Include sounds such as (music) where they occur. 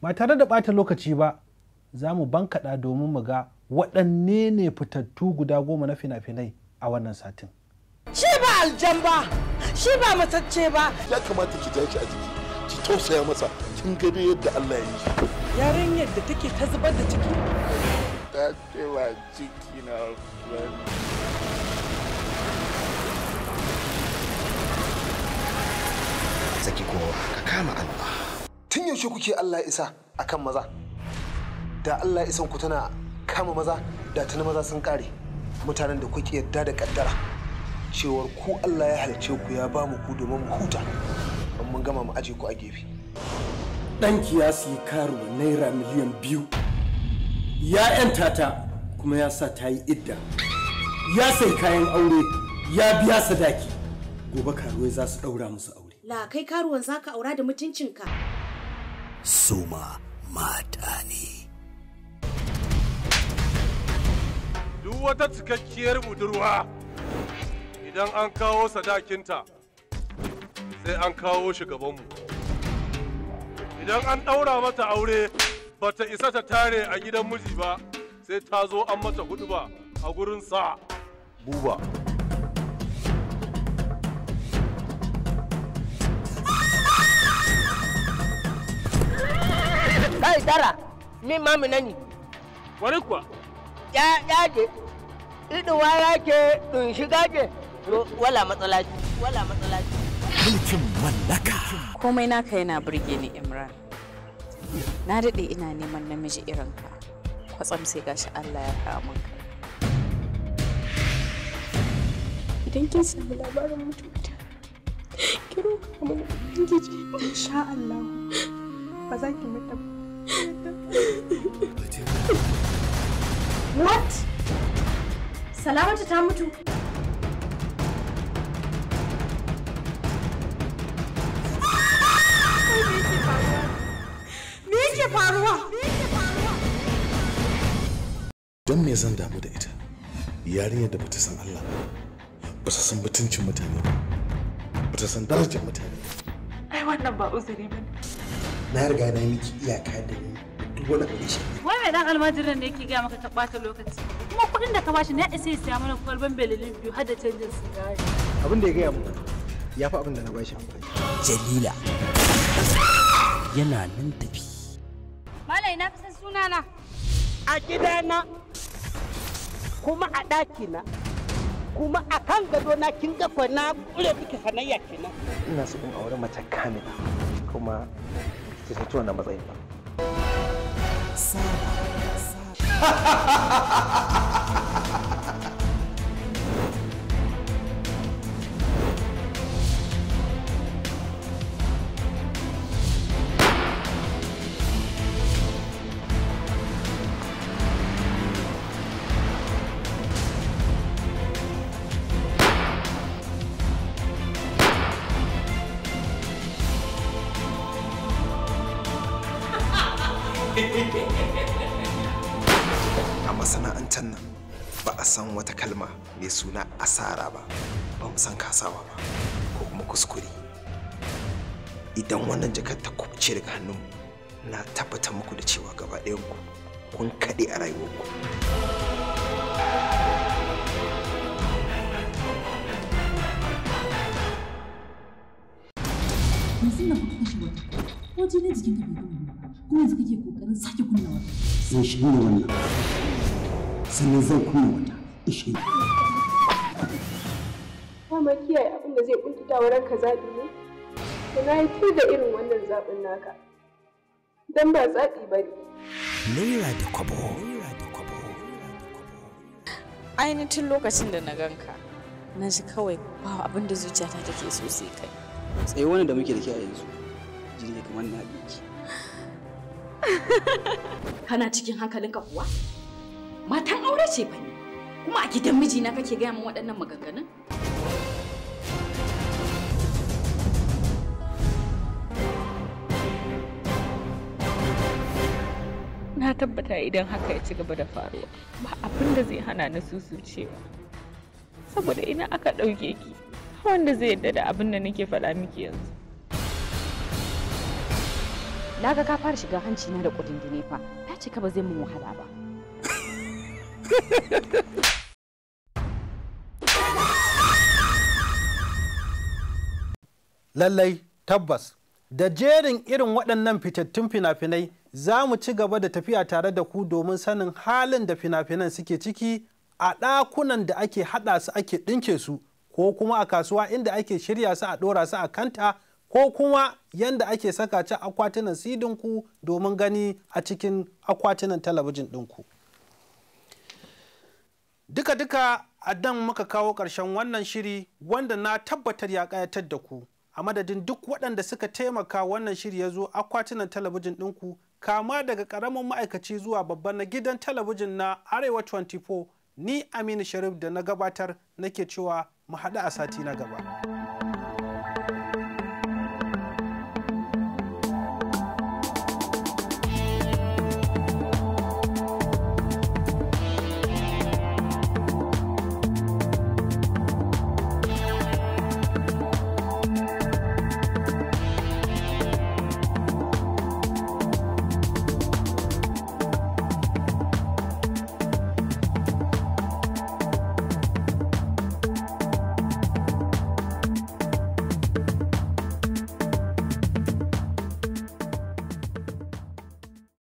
ba tare da ɓata lokaci ba za mu bankaɗa domin mu ga waɗanne ne fitattu guda goma na fina-finai a wannan satin. Shi ba aljan ba, shi ba matacce ba. Ya kamata ki tashi a jiki, ki tausaya masa, kin gani yadda Allah ya yi. Yaren yadda take ta zubar da ciki. Ta ce ba ciki na Saki kowa ka kama Allah. tun yaushe kuke Allah isa akan maza da Allah isan ku tana kama maza da tana maza sun kare mutanen da kuke yadda da kaddara cewar ku Allah ya halice ku ya ba mu ku domin mu huta mun gama mu aje ku a gefe ɗanki ya siyi karuwa naira miliyan biyu ya yanta ta kuma ya sa ta yi idda ya sai kayan aure ya biya sadaki gobe karuwai za su ɗaura musu aure la kai karuwan zaka aura da mutuncinka suma mata ne duk wata cikakkiyar budurwa idan an kawo sadakinta sai an kawo shi gabanmu idan an ɗaura mata aure ba ta isa ta tare a gidan miji ba sai ta zo an mata hudu ba a gurin sa buba sara min mami nani wani kuwa ya ya je wa ya ke dun shiga ke wala matsala wala matsala mutum mallaka komai naka yana burge ni imran na daɗe ina neman namiji irin ka kwatsam sai gashi allah ya kawo min kai idan kin samu labarin mutuwata ki ka mun ubangiji insha allah ba za ki mutu ba salamata ta mutu. Me yake faruwa? Don me zan damu da ita? Yarinyar da bata san Allah ba, bata san mutuncin mutane ba, bata san darajar mutane ba. Ai wannan ba uzuri ba Na riga na miki iyaka da ni duk wani abu da shi. Wai mai dan almajiran ne yake gaya maka ta ɓata lokaci. kuma kuɗin da ka bashi na isa ya siya mana kwalban belilin biyu har da canjin sigari. Abin da ya gaya muku ya fi abin da na bashi amfani. Jalila yana nan tafi. Malai na fi san sunana. A gidana kuma a ɗakina kuma a kan gado na kin gafa na ƙure duka sanayya kenan. Ina so in aure mace kamila kuma ki saito wannan matsayin ba. Saba. 哈哈哈哈哈哈 (laughs) a masana'antar nan ba a san wata kalma mai suna asara ba ba mu san kasawa ba ko kuma kuskure idan wannan jakar ta kubce daga hannun na tabbata muku da cewa gaba ku kun kaɗe a rayuwarku yanzu na kuka kashe wata ko jini jikin ka bai kuma yanzu kake kokarin sake kunna wata zan shige ne wannan sannan zan kunna wata ishe dama kiyaye abin da zai kuntata wa ranka zaɓi ne to na yi da irin wannan zaɓin naka don ba zaɓi ba ne naira da kwabo ainihin lokacin da na ganka na ji kawai ba abin da zuciyata take so sai kai tsaye wani da muke da ke a yanzu jirgin kamar na ɗauki (laughs) Kana cikin hankalinka kuwa? Matan aure ce ba ni. Kuma a gidan mijina kake gaya min waɗannan maganganun? Na tabbata idan haka ya ci gaba da faruwa, ba abin da zai hana na susucewa. Saboda ina aka ɗauke ki, wanda zai yarda da abin da nake faɗa miki yanzu. na ga ka fara shiga hanci na da kudin dine fa ta ce ka ba zai mun wahala ba lallai tabbas da jerin irin waɗannan fitattun fina-finai za mu ci gaba da tafiya tare da ku domin sanin halin da fina-finan suke ciki a ɗakunan da ake haɗa su ake ɗinke su ko kuma a kasuwa inda ake shirya su a ɗora su a kanta ko kuma yanda ake saka ci akwatunan sidinku domin gani a cikin akwatunan talabijin ɗinku. Duka-duka a dan muka kawo ƙarshen wannan shiri wanda na tabbatar ya ƙayatar da ku a madadin duk waɗanda suka taimaka wannan shiri ya zo akwatunan talabijin ɗinku kama daga ƙaramin ma'aikaci zuwa babban na gidan talabijin na Arewa 24 ni Aminu Sharif da na gabatar nake cewa mu haɗu a sati na gaba.